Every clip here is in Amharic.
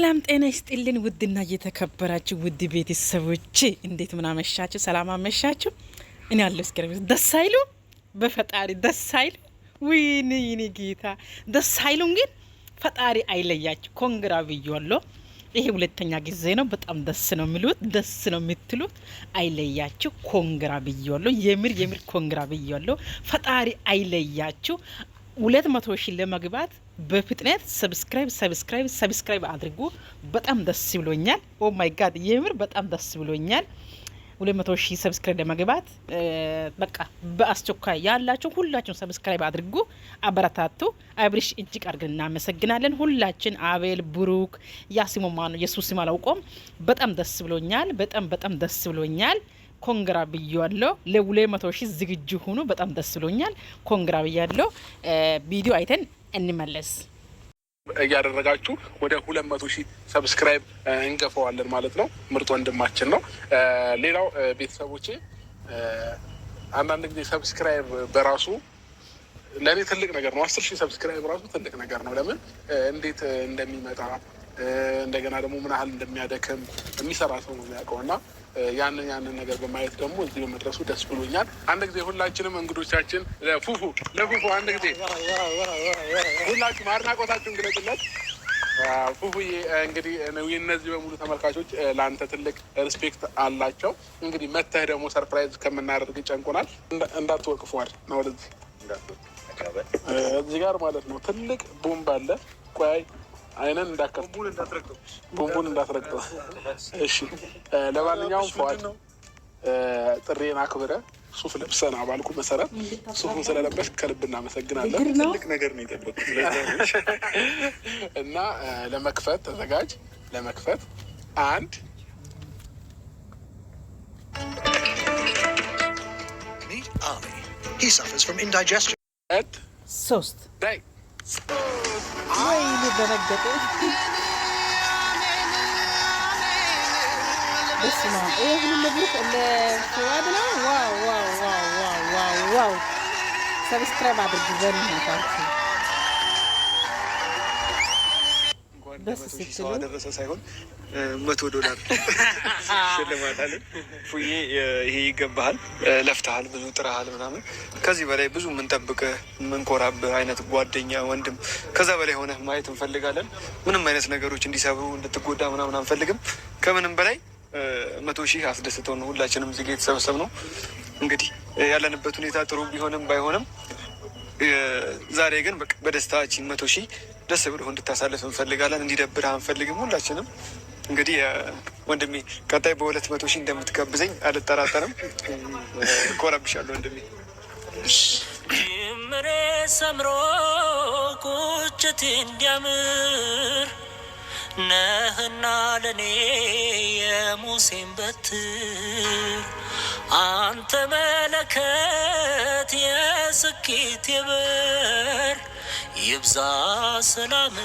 ሰላም ጤና ይስጥልን። ውድና እየተከበራችሁ ውድ ቤተሰቦች እንዴት ምን አመሻችሁ? ሰላም አመሻችሁ? እኔ ያለው እስኪ ደስ አይሉ በፈጣሪ ደስ አይሉ። ወይኔ ጌታ ደስ አይሉም፣ ግን ፈጣሪ አይለያችሁ። ኮንግራ ብያለሁ። ይሄ ሁለተኛ ጊዜ ነው። በጣም ደስ ነው የሚሉት፣ ደስ ነው የምትሉት። አይለያችሁ። ኮንግራ ብያለሁ። የምር የምር ኮንግራ ብያለሁ። ፈጣሪ አይለያችሁ። ሁለት መቶ ሺህ ለመግባት በፍጥነት ሰብስክራይብ ሰብስክራይብ ሰብስክራይብ አድርጉ። በጣም ደስ ብሎኛል። ኦ ማይ ጋድ የምር በጣም ደስ ብሎኛል። ሁለት መቶ ሺህ ሰብስክራይብ ለመግባት በቃ በአስቸኳይ ያላችሁ ሁላችሁን ሰብስክራይብ አድርጉ፣ አበረታቱ። አብሪሽ እጅግ አድርገን እናመሰግናለን። ሁላችን አቤል፣ ብሩክ፣ ያሲሞማ ነው የሱስ ማላውቆም በጣም ደስ ብሎኛል። በጣም በጣም ደስ ብሎኛል። ኮንግራ ብያለሁ። መቶ ሺ ዝግጁ ሁኑ። በጣም ደስ ብሎኛል። ኮንግራ ብያለሁ። ቪዲዮ አይተን እንመለስ። እያደረጋችሁ ወደ ሁለት መቶ ሺህ ሰብስክራይብ እንገፈዋለን ማለት ነው። ምርጥ ወንድማችን ነው። ሌላው ቤተሰቦቼ አንዳንድ ጊዜ ሰብስክራይብ በራሱ ለእኔ ትልቅ ነገር ነው። አስር ሺህ ሰብስክራይብ ራሱ ትልቅ ነገር ነው። ለምን እንዴት እንደሚመጣ እንደገና ደግሞ ምን ያህል እንደሚያደክም የሚሰራ ሰው ነው የሚያውቀው እና ያንን ያንን ነገር በማየት ደግሞ እዚህ በመድረሱ ደስ ብሎኛል። አንድ ጊዜ ሁላችንም እንግዶቻችን ፉፉ ለፉፉ አንድ ጊዜ ሁላችሁም አድናቆታችሁን ግለጽለት። ፉፉዬ እንግዲህ እነዚህ በሙሉ ተመልካቾች ለአንተ ትልቅ ሪስፔክት አላቸው። እንግዲህ መተህ ደግሞ ሰርፕራይዝ ከምናደርግ ጨንቆናል። እንዳትወቅፏል ነው ወደዚህ እዚህ ጋር ማለት ነው ትልቅ ቦምብ አለ ቆይ አይነን እንዳከፍት ቡንቡን እንዳትረግጠው። እሺ፣ ለማንኛውም ፈዋድ ጥሬን አክብረ ሱፍ ለብሰን አባልኩ መሰረት ሱፉን ስለለበስ ከልብ እናመሰግናለን። ትልቅ ነገር ነው የጠበቁት እና ለመክፈት ተዘጋጅ። ለመክፈት አንድ ሶስት ويلي ده نجت ايه مبروك الشوابنا واو واو واو واو واو واو سبسكرايب ما ሰው አደረሰ ሳይሆን መቶ ዶላር ሽልማት ፉዬ ይሄ ይገባሃል፣ ለፍተሃል፣ ብዙ ጥረሃል ምናምን ከዚህ በላይ ብዙ የምንጠብቅህ የምንኮራብህ አይነት ጓደኛ፣ ወንድም ከዛ በላይ ሆነህ ማየት እንፈልጋለን። ምንም አይነት ነገሮች እንዲሰብሩ እንድትጎዳ ምናምን አንፈልግም። ከምንም በላይ መቶ ሺህ አስደስተው ነው ሁላችንም ዜጋ የተሰበሰብ ነው። እንግዲህ ያለንበት ሁኔታ ጥሩ ቢሆንም ባይሆንም ዛሬ ግን በደስታችን መቶ ሺህ ደስ ብሎ እንድታሳልፍ እንፈልጋለን። እንዲደብር አንፈልግም። ሁላችንም እንግዲህ ወንድሜ ቀጣይ በሁለት መቶ ሺህ እንደምትጋብዘኝ አልጠራጠርም። ኮረብሻለሁ ወንድሜ። ጅምሬ ሰምሮ ቁጭት እንዲያምር ነህና ለእኔ የሙሴን በትር አንተ መለከት የስኬት የበር ይብዛ ሰላም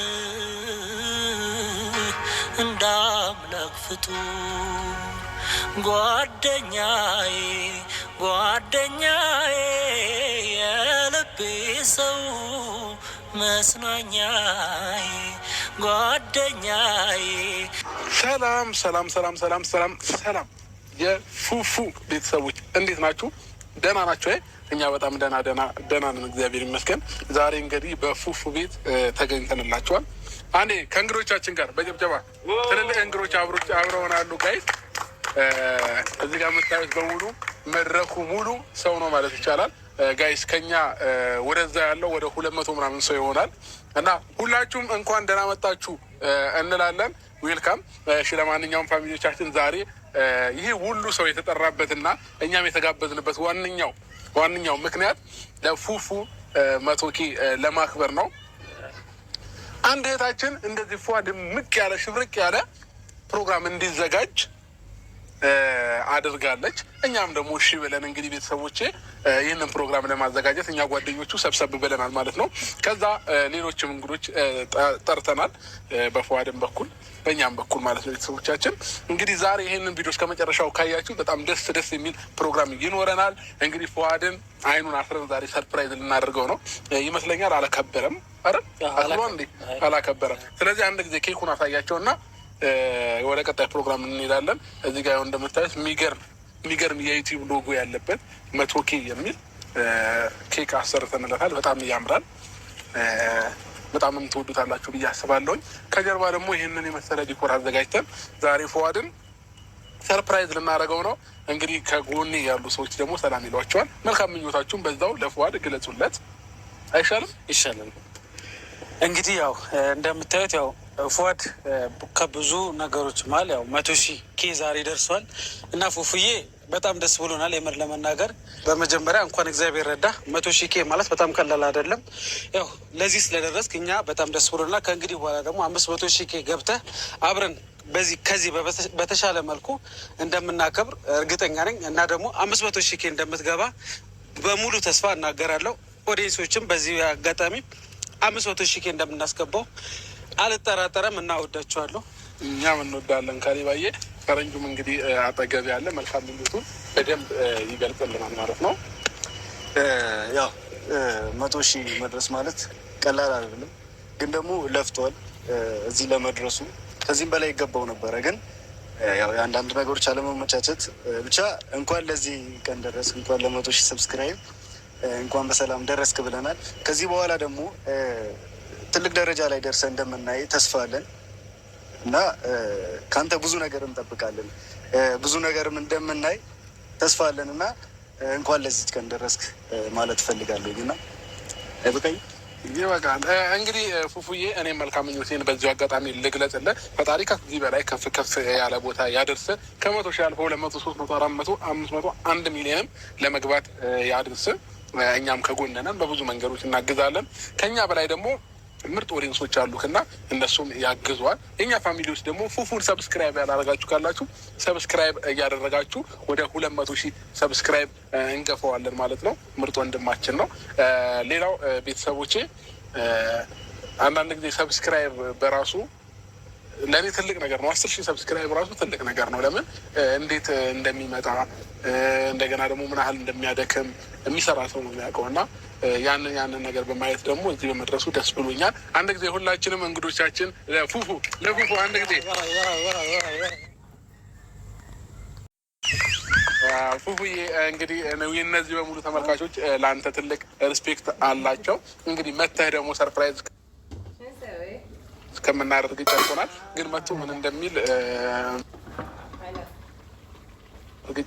እንደ አምላክ ፍጡር ጓደኛዬ ጓደኛዬ የልቤ ሰው መስናኛዬ ጓደኛዬ ሰላም ሰላም ሰላም ሰላም ሰላም ሰላም የፉፉ ቤተሰቦች እንዴት ናችሁ? ደህና ናቸው። እኛ በጣም ደህና ደህና ደህና ነን፣ እግዚአብሔር ይመስገን። ዛሬ እንግዲህ በፉፉ ቤት ተገኝተንላቸዋል። አንዴ ከእንግዶቻችን ጋር በጀብጀባ ትልልቅ እንግዶች አሉ። ጋይስ እዚህ ጋር የምታዩት በሙሉ መድረኩ ሙሉ ሰው ነው ማለት ይቻላል። ጋይስ ከኛ ወደዛ ያለው ወደ ሁለት መቶ ምናምን ሰው ይሆናል እና ሁላችሁም እንኳን ደህና መጣችሁ እንላለን። ዌልካም። እሺ ለማንኛውም ፋሚሊዎቻችን ዛሬ ይሄ ሁሉ ሰው የተጠራበትና እኛም የተጋበዝንበት ዋነኛው ዋነኛው ምክንያት ለፉፉ መቶኪ ለማክበር ነው። አንድ እህታችን እንደዚህ ፏ ድምቅ ያለ ሽብርቅ ያለ ፕሮግራም እንዲዘጋጅ አድርጋለች። እኛም ደግሞ እሺ ብለን እንግዲህ ቤተሰቦቼ ይህንን ፕሮግራም ለማዘጋጀት እኛ ጓደኞቹ ሰብሰብ ብለናል ማለት ነው። ከዛ ሌሎችም እንግዶች ጠርተናል፣ በፈዋድን በኩል በእኛም በኩል ማለት ነው። ቤተሰቦቻችን እንግዲህ ዛሬ ይህንን ቪዲዮ ከመጨረሻው ካያችሁ በጣም ደስ ደስ የሚል ፕሮግራም ይኖረናል። እንግዲህ ፈዋድን አይኑን አስረን ዛሬ ሰርፕራይዝ ልናደርገው ነው ይመስለኛል። አላከበረም እንዴ አላከበረም። ስለዚህ አንድ ጊዜ ኬኩን አሳያቸው እና ወደ ቀጣይ ፕሮግራም እንሄዳለን። እዚህ ጋር አሁን እንደምታዩት የሚገርም የሚገርም የዩቲዩብ ሎጎ ያለበት መቶ ኬ የሚል ኬክ አሰርተንለታል። በጣም ያምራል። በጣም የምትወዱታላችሁ ብዬ አስባለሁኝ። ከጀርባ ደግሞ ይህንን የመሰለ ዲኮር አዘጋጅተን ዛሬ ፎዋድን ሰርፕራይዝ ልናደርገው ነው። እንግዲህ ከጎኔ ያሉ ሰዎች ደግሞ ሰላም ይሏቸዋል። መልካም ምኞታችሁን በዛው ለፎዋድ ግለጹለት። አይሻልም? ይሻልም። እንግዲህ ያው እንደምታዩት ያው ፏድ ከብዙ ነገሮች መሀል ያው መቶ ሺህ ኬ ዛሬ ደርሷል እና ፉፉዬ በጣም ደስ ብሎናል። የምር ለመናገር በመጀመሪያ እንኳን እግዚአብሔር ረዳ። መቶ ሺህ ኬ ማለት በጣም ቀላል አይደለም። ያው ለዚህ ስለደረስክ እኛ በጣም ደስ ብሎናል። ከእንግዲህ በኋላ ደግሞ አምስት መቶ ሺህ ኬ ገብተህ አብረን በዚህ ከዚህ በተሻለ መልኩ እንደምናከብር እርግጠኛ ነኝ እና ደግሞ አምስት መቶ ሺህ ኬ እንደምትገባ በሙሉ ተስፋ እናገራለሁ። ኦዲየንሶችም በዚህ አጋጣሚ አምስት መቶ ሺህ እንደምናስገባው አልጠራጠረም። እናወዳቸዋለሁ። እኛም እንወዳለን። ካሊባዬ ፈረንጁም እንግዲህ አጠገብ ያለ መልካም ምኞቱን በደንብ ይገልጽልናል ማለት ነው። ያው መቶ ሺህ መድረስ ማለት ቀላል አይደለም፣ ግን ደግሞ ለፍቷል እዚህ ለመድረሱ። ከዚህም በላይ ይገባው ነበረ ግን ያው የአንዳንድ ነገሮች አለመመቻቸት ብቻ። እንኳን ለዚህ ቀን ደረስ፣ እንኳን ለመቶ ሺህ ሰብስክራይብ እንኳን በሰላም ደረስክ ብለናል። ከዚህ በኋላ ደግሞ ትልቅ ደረጃ ላይ ደርሰ እንደምናይ ተስፋ አለን እና ከአንተ ብዙ ነገር እንጠብቃለን። ብዙ ነገርም እንደምናይ ተስፋ አለን እና እንኳን ለዚች ቀን ደረስክ ማለት እፈልጋለሁኝ እና በቀኝ እንግዲህ ፉፉዬ፣ እኔም መልካም ምኞቴን በዚሁ አጋጣሚ ልግለጽልህ። ፈጣሪ ከዚህ በላይ ከፍ ከፍ ያለ ቦታ ያደርስ። ከመቶ ሺህ አልፎ ሁለት መቶ ሶስት መቶ አራት መቶ አምስት መቶ አንድ ሚሊየንም ለመግባት ያድርስ። እኛም ከጎንነን በብዙ መንገዶች እናግዛለን። ከኛ በላይ ደግሞ ምርጥ ኦዲንሶች አሉ እነሱም ያግዟል። የኛ ፋሚሊዎች ደግሞ ፉፉን ሰብስክራይብ ያላረጋችሁ ካላችሁ ሰብስክራይብ እያደረጋችሁ ወደ ሁለት መቶ ሺህ ሰብስክራይብ እንገፈዋለን ማለት ነው። ምርጥ ወንድማችን ነው። ሌላው ቤተሰቦቼ አንዳንድ ጊዜ ሰብስክራይብ በራሱ ለእኔ ትልቅ ነገር ነው። አስር ሺህ ሰብስክራይብ ራሱ ትልቅ ነገር ነው። ለምን እንዴት እንደሚመጣ እንደገና ደግሞ ምን ያህል እንደሚያደክም የሚሰራ ሰው ነው የሚያውቀው እና ያንን ያንን ነገር በማየት ደግሞ እዚህ በመድረሱ ደስ ብሎኛል። አንድ ጊዜ ሁላችንም እንግዶቻችን ለፉፉ ለፉፉ አንድ ጊዜ ፉፉዬ እንግዲህ እነዚህ በሙሉ ተመልካቾች ለአንተ ትልቅ ሪስፔክት አላቸው። እንግዲህ መተህ ደግሞ ሰርፕራይዝ እስከምናደርግ ጨንቆናል። ግን መቶ ምን እንደሚል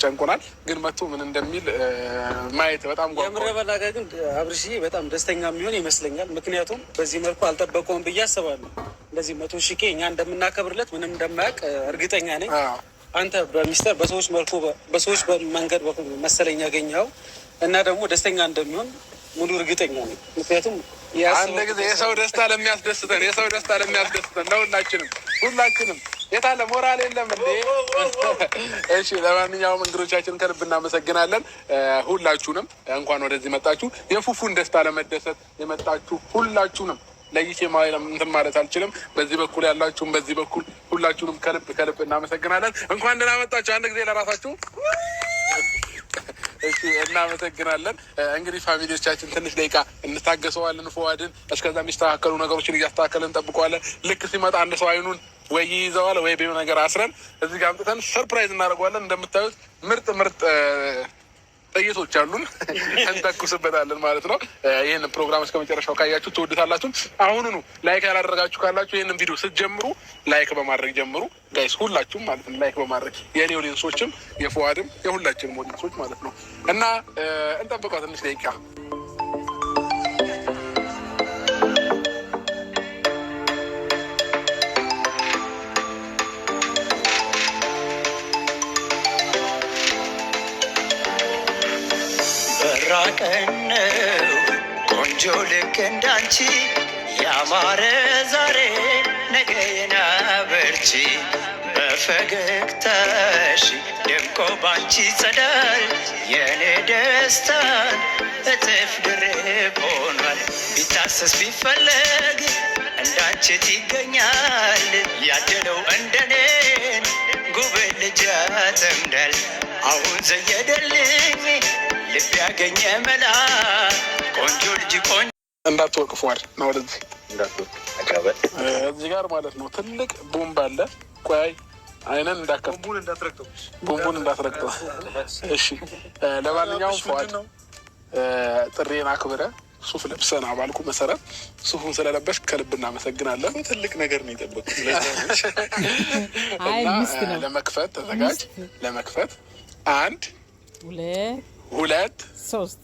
ጨንቆናል ግን መቶ ምን እንደሚል ማየት በጣም የምር በላጋ ግን አብርሺ በጣም ደስተኛ የሚሆን ይመስለኛል። ምክንያቱም በዚህ መልኩ አልጠበቀውም ብዬ አስባለሁ። እንደዚህ መቶ ሺ ኬ እኛ እንደምናከብርለት ምንም እንደማያውቅ እርግጠኛ ነኝ። አንተ በሚስተር በሰዎች መልኩ በሰዎች መንገድ መሰለኝ ያገኘኸው እና ደግሞ ደስተኛ እንደሚሆን ሙሉ እርግጠኛ ነኝ ምክንያቱም አንድ ጊዜ የሰው ደስታ ለሚያስደስተን የሰው ደስታ ለሚያስደስተን ለሁላችንም ሁላችንም የታለ ሞራል የለም እንዴ? እሺ፣ ለማንኛውም እንግዶቻችን ከልብ እናመሰግናለን። ሁላችሁንም እንኳን ወደዚህ መጣችሁ። የፉፉን ደስታ ለመደሰት የመጣችሁ ሁላችሁንም ለይቼ እንትን ማለት አልችልም። በዚህ በኩል ያላችሁም በዚህ በኩል ሁላችሁንም ከልብ ከልብ እናመሰግናለን። እንኳን ደህና መጣችሁ። አንድ ጊዜ ለራሳችሁ እሺ፣ እናመሰግናለን። እንግዲህ ፋሚሊዎቻችን ትንሽ ደቂቃ እንታገሰዋለን። ፎዋድን እስከዛ የሚስተካከሉ ነገሮችን እያስተካከልን እንጠብቀዋለን። ልክ ሲመጣ አንድ ሰው አይኑን ወይ ይይዘዋል ወይ ነገር አስረን እዚህ ጋር አምጥተን ሰርፕራይዝ እናደርገዋለን። እንደምታዩት ምርጥ ምርጥ ጥይቶች አሉን እንተኩስበታለን ማለት ነው። ይህን ፕሮግራም እስከ መጨረሻው ካያችሁ ትወዱታላችሁ። አሁኑኑ ላይክ ያላደረጋችሁ ካላችሁ ይህንን ቪዲዮ ስትጀምሩ ላይክ በማድረግ ጀምሩ ጋይስ፣ ሁላችሁም ማለት ነው ላይክ በማድረግ የእኔ ኦዲንሶችም የፈዋድም የሁላችንም ኦዲንሶች ማለት ነው እና እንጠብቀው ትንሽ ደቂቃ ቀን ቆንጆ ልክ እንዳንቺ ያማረ ዛሬ ነገ የናበርቺ በፈገግታሽ ደምቆ ባንቺ ጸዳል የኔ ደስታን እጥፍ ድርብ ሆኗል። ቢታሰስ ቢፈለግ እንዳንቺት ይገኛል ያደለው እንደኔን ጉብ ልጅ ያጠምዳል ልብ ያገኘ መላ ቆንጆ ልጅ ቆንጆ እንዳትወርቅ ፏል ነው ወደዚህ እዚህ ጋር ማለት ነው። ትልቅ ቦምብ አለ። ቆይ አይነን እንዳከ ቦምቡን እንዳትረግጠው። እሺ፣ ለማንኛውም ፏል ጥሬን አክብረ ሱፍ ለብሰና አባልኩ መሰረት ሱፉን ስለለበሽ ከልብ እናመሰግናለን። ትልቅ ነገር ነው የጠበቅ ለመክፈት ተዘጋጅ። ለመክፈት አንድ ሁለት ሁለት ሶስት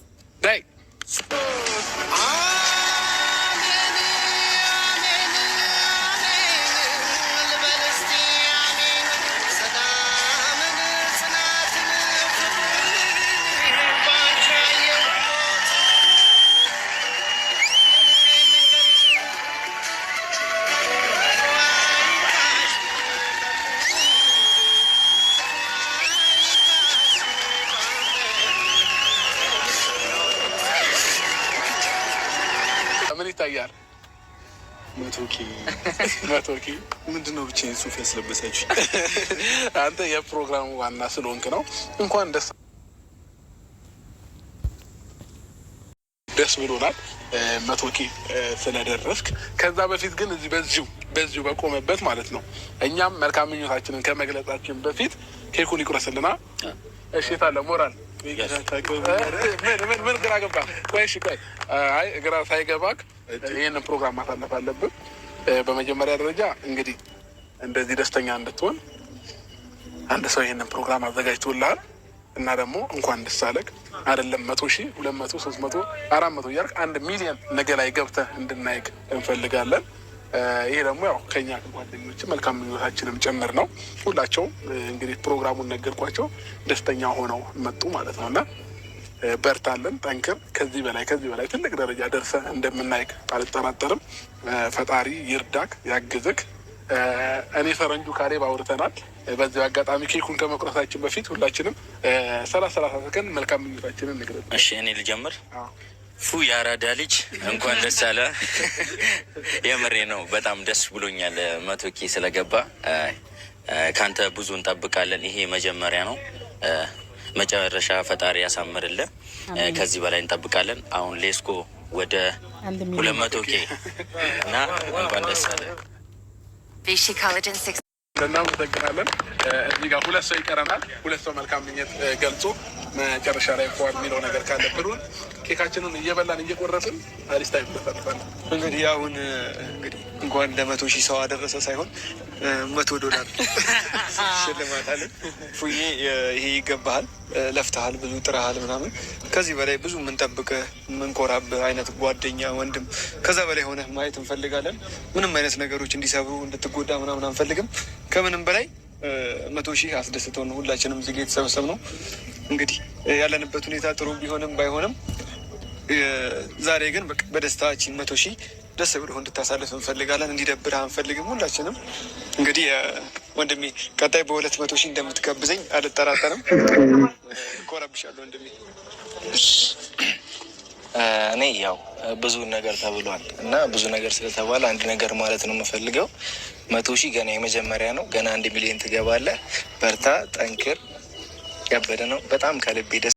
መቶኪ ምንድን ነው ብቻዬን ሱፍ ያስለበሰችው? አንተ የፕሮግራሙ ዋና ስለሆንክ ነው። እንኳን ደስ ደስ ብሎናል መቶኪ ስለደረስክ። ከዛ በፊት ግን እዚህ በዚሁ በዚሁ በቆመበት ማለት ነው እኛም መልካም ምኞታችንን ከመግለጻችን በፊት ኬኩን ይቁረስልና እሽታ ለሞራል ምን ግራ ገባ? ቆይ እሺ፣ ቆይ አይ ግራ ሳይገባክ ይህንን ፕሮግራም ማሳለፍ አለብን። በመጀመሪያ ደረጃ እንግዲህ እንደዚህ ደስተኛ እንድትሆን አንድ ሰው ይህንን ፕሮግራም አዘጋጅቶልሃል እና ደግሞ እንኳን ደስ አለህ አይደለም መቶ ሺህ ሁለት መቶ ሶስት መቶ አራት መቶ እያልክ አንድ ሚሊየን ነገ ላይ ገብተህ እንድናይግ እንፈልጋለን። ይሄ ደግሞ ያው ከኛ ከጓደኞች መልካም ምኞታችንም ጭምር ነው። ሁላቸውም እንግዲህ ፕሮግራሙን ነገርኳቸው፣ ደስተኛ ሆነው መጡ ማለት ነው እና በርታለን፣ ጠንክር፣ ከዚህ በላይ ከዚህ በላይ ትልቅ ደረጃ ደርሰ እንደምናይክ አልጠራጠርም። ፈጣሪ ይርዳክ ያግዝክ። እኔ ፈረንጁ ካሌብ አውርተናል። በዚሁ አጋጣሚ ኬኩን ከመቁረሳችን በፊት ሁላችንም ሰላሳ ሰላሳ ሰከንድ መልካም ምኞታችንን ንግረን። እሺ እኔ ልጀምር። ፉ የአራዳ ልጅ እንኳን ደስ አለ። የምሬ ነው። በጣም ደስ ብሎኛል መቶ ኬ ስለገባ ከአንተ ብዙ እንጠብቃለን። ይሄ መጀመሪያ ነው። መጨረሻ ፈጣሪ ያሳምርልን። ከዚህ በላይ እንጠብቃለን። አሁን ሌስኮ ወደ ሁለት መቶ ኬ እና እንኳን ደስ አለ። እዚህ ጋር ሁለት ሰው ይቀረናል። ሁለት ሰው መልካም ምኞት ገልጾ መጨረሻ ላይ ፏ የሚለው ነገር ካለ ብሎን ኬካችንን እየበላን እየቆረጥን አዲስ ታይም ተፈጥፈን እንግዲህ አሁን እንግዲህ እንኳን ለመቶ ሺህ ሰው አደረሰ ሳይሆን መቶ ዶላር ሽልማት አለን። ፉዬ ይሄ ይገባሃል፣ ለፍተሃል፣ ብዙ ጥረሃል ምናምን ከዚህ በላይ ብዙ የምንጠብቅ የምንኮራብ አይነት ጓደኛ ወንድም፣ ከዛ በላይ ሆነህ ማየት እንፈልጋለን። ምንም አይነት ነገሮች እንዲሰብሩ እንድትጎዳ ምናምን አንፈልግም ከምንም በላይ መቶ ሺህ አስደስተው ነው ሁላችንም እዚህ የተሰበሰብ ነው። እንግዲህ ያለንበት ሁኔታ ጥሩ ቢሆንም ባይሆንም ዛሬ ግን በደስታችን መቶ ሺህ ደስ ብሎ እንድታሳልፍ እንፈልጋለን። እንዲደብርህ አንፈልግም። ሁላችንም እንግዲህ ወንድሜ ቀጣይ በሁለት መቶ ሺህ እንደምትጋብዘኝ አልጠራጠርም። ኮረብሻለሁ ወንድሜ። እኔ ያው ብዙ ነገር ተብሏል እና ብዙ ነገር ስለተባለ አንድ ነገር ማለት ነው የምፈልገው መቶ ሺህ ገና የመጀመሪያ ነው። ገና አንድ ሚሊዮን ትገባለህ። በርታ፣ ጠንክር። ያበደ ነው። በጣም ከልቤ